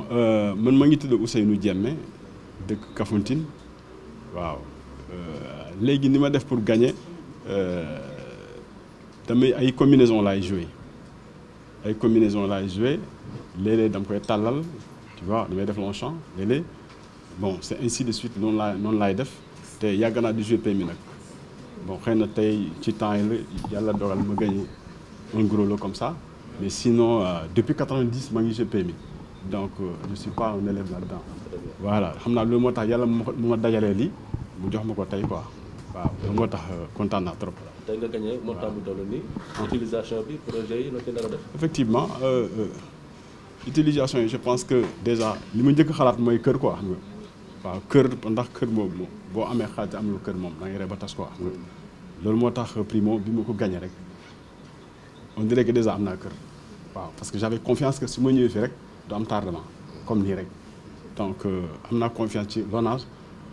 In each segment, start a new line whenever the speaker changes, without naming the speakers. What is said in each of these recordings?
bon euh, man maa ngi tudd nu Diémé dëkk Kafountine waaw euh, léegi ni ma def pour gagner euh, damay ay combinaison laay joué ay combinaison laay joué léeg-léeg dama koy tàllal tu vois damay def Longchamp léeg bon c'est ainsi de suite noonu laay noonu laay def te yàgg naa di joué PMI nag bon xëy na tey ci temps yi la yàlla dogal ma gagné un gros comme ça mais sinon euh, depuis 90 ma ngi joué PMI donc euh, je suis pas un élève là-dedans voilà xam naa loolu moo tax yàlla mu ma mu ma dajalee lii mu jox ma ko tey quoi waaw loolu moo tax euh, kontaan naa trop. tey nga gagné montant bu toll nii. Ah. bi projet effectivement euh, euh, yi je pense que déjà li ma njëkk xalaat mooy kër quoi xam nga waaw kër ndax kër boobu boo amee xaalis amul kër moom da ngay reba tas quoi xam loolu moo tax euh, primo bi ma ko gañee rek on dirait que déjà am naa kër waaw parce que j'avais confiance que su ma ñëwee fii rek. du am tardement comme nii rek donc euh, am naa confiance ci LONASE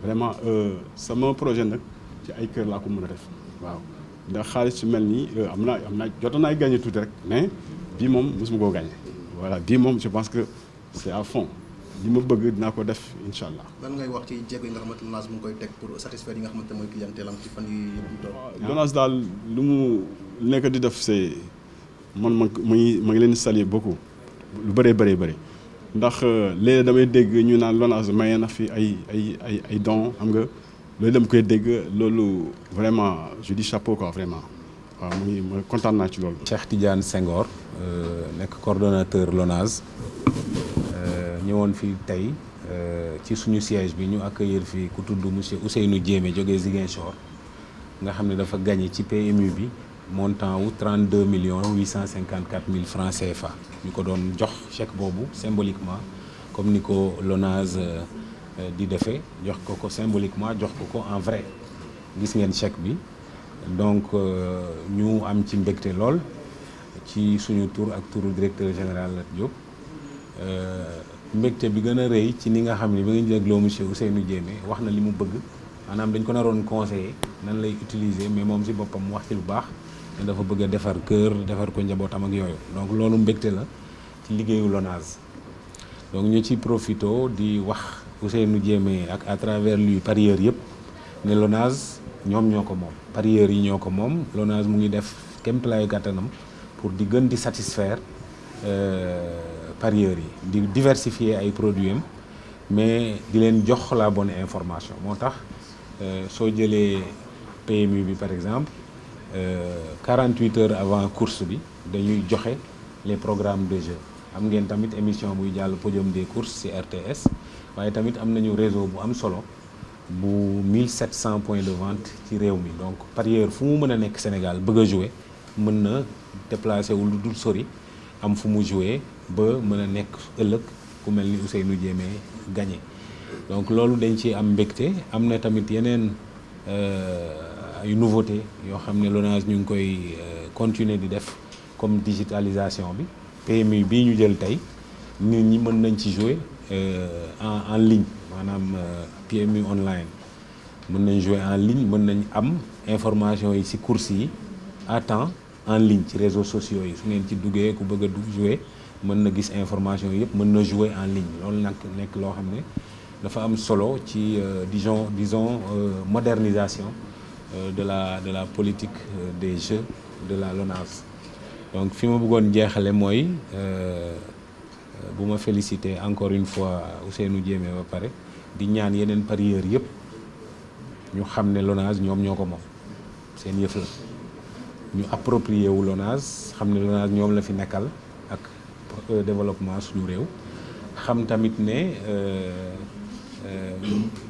vraiment euh, sama projet nag ci ay kër laa ko mën a def waaw ndax xaalis su mel nii euh, am naa am naa jotoon naay gagné tuuti rek mais bii moom mosuma koo gagné voilà bii moom je pense que c'est à fond li ma bëgg dinaa ko def incha allah.
lan ngay wax ci jéego yi nga xamante mu ngi koy teg pour am ci fan yii yëpp
daal lu mu nekk di def c'est man ma ngi ma ngi leen di saluer beaucoup. lu bëree bëri bëri ndax euh, léeg damay dégg ñu naan LONASE maye na fi ay ay ay ay dons xam nga loolu dama koy dégg loolu vraiment je dis chapeau quoi vraiment waaw mu ngi ma kontaan naa ci loolu.
Cheikh Tidiane Senghor euh, nekk coordonnateur LONASE euh, ñëwoon fi tey ci suñu siège bi ñu accueillir fi ku tudd monsieur Ousseynou jéeme joge Ziguinchor nga xam ne dafa gagné ci PMU bi. montant wu 32 millions 854 mille francs fa ñu ko doon jox chèque boobu symboliquement comme ni ko LONASE euh, di defee jox ko ko symboliquement jox ko ko en vrai gis ngeen check bi donc euh, ñu am ci mbégte lool ci suñu tur ak turu directeur général Lat Diop euh, mbégte bi gën a rëy ci ni nga xam ne bi nga jégloo monsieur Ousseynou Diémé wax na li mu bëgg maanaam dañ ko naroon conseiller nan lay utiliser mais moom si boppam mu wax ci lu baax te dafa bëgg a defar kër defar ko njabootam ak yooyu donc loolu mbégte la ci liggéeyu LONASE donc ñu ci profito di wax Ousseynou Diémé ak à travers lui parieur yëpp ne LONASE ñoom ñoo ko moom parieurs yi ñoo ko moom LONASE mu ngi def kéemtalaayu gàttanam pour di gën di satisfaire euh, parieurs yi di diversifier ay produits am mais di leen jox la bonne information moo tax euh, soo jëlee PMU bi par exemple 48 euh, heures avant course bi dañuy joxe les programmes de jeu am ngeen tamit émission buy jàll podium des courses ci RTS waaye tamit am nañu réseau bu am solo bu 1700 points de vente ci réew mi donc parieur fu mu mën a nekk Sénégal bëgga a mën na déplacé wu lu dul sori am fu mu jouer ba mën a nekk ëllëg ku mel ni Ousseynou Diémé gagné donc loolu dañ ci am mbégte am na tamit yeneen. Euh, ay nouveauté yoo xam ne Lonase ñu ngi koy euh, continuer di def comme digitalisation bi PMI bii ñu jël tey nit ñi mën nañ ci jouer euh, en en ligne maanaam euh, PMI online mën nañ jouer en mën nañ am information yi ci course yi à temps en ligne ci réseau sociaux yi su ngeen ci duggee ku bëgg a dugg jouer mën na gis information yëpp mën na jouer en ligne loolu nag nekk loo xam ne dafa am solo ci dison disons modernisation Euh, de la de la politique euh, des jeux de la LONASE donc fi ma bëggoon jeexale mooy euh, bu ma féliciter encore une fois Ousseynou Diémé ba pare di ñaan yeneen parieurs yëpp ñu xam ne LONASE ñoom ñoo ko moom seen yëf la ñu approprié wu LONASE xam ne LONASE ñoom la fi nekkal ak développement suñu réew xam tamit ne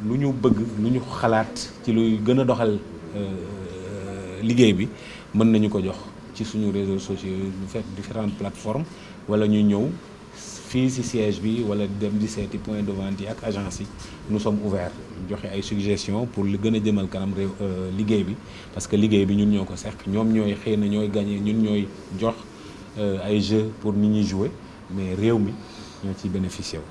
lu ñu bëgg lu ñu xalaat ci luy gën a doxal Euh, liggéey bi mën nañu ko jox ci suñu réseaux sociaux yi bu fekk différentes plateformes wala ñu ñëw fii ci siège bi wala dem di seeti point de vente yi ak agence yi nous sommes ouverts joxe ay suggestions pour li gën a jëmal kanam réew euh, liggéey bi parce que liggéey bi ñun ñoo ko seq ñoom ñooy xëy na ñooy gagné ñun ñooy jox euh, ay jeux pour nit ñi jouer mais réew mi ñoo ciy bénéficier wu.